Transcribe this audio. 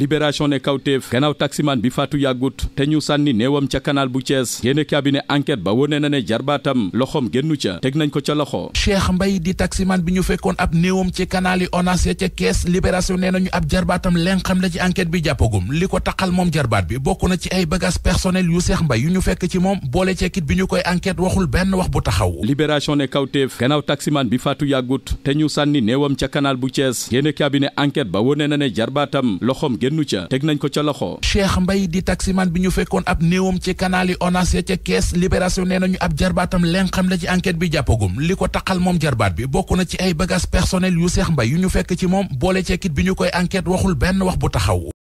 libération ne kawteef gannaaw taximan bi faatu yàggut te ñu sànni néewam ca canal bu Thiès yéene cabinet enquête ba wone na ne jarbaatam loxoom génnu ca teg nañ ko ca loxo Cheikh Mbaye di taximan bi ñu fekkoon ab néewam ci canal yi ONAS ya ca Thiès libération nee nañu ab jarbaatam leen xam la ci enquête bi jàppagum li ko taqal moom jarbaat bi bokk na ci ay bagages personnels yu Cheikh Mbaye yu ñu fekk ci moom boole ceekit bi ñu koy enquête waxul benn wax bu taxaw libération ne kawteef gannaaw taximan bi faatu yàggut te ñu sànni néewam ca canal bu Thiès yéene cabinet enquête ba wone na ne jarbaatam loxoom génnu ca teg nañ ko ca loxo Cheikh Mbaye di taximan bi ñu fekkoon ab néewam ci kanaali ONAS ya ca kees libération nee nañu ab jarbaatam len xam la ci enquête bi jàppagum li ko taqal moom jarbaat bi bokk na ci ay bagage personnel yu seex mbay yu ñu fekk ci moom boole ceekit bi ñu koy enquête waxul benn wax bu taxaw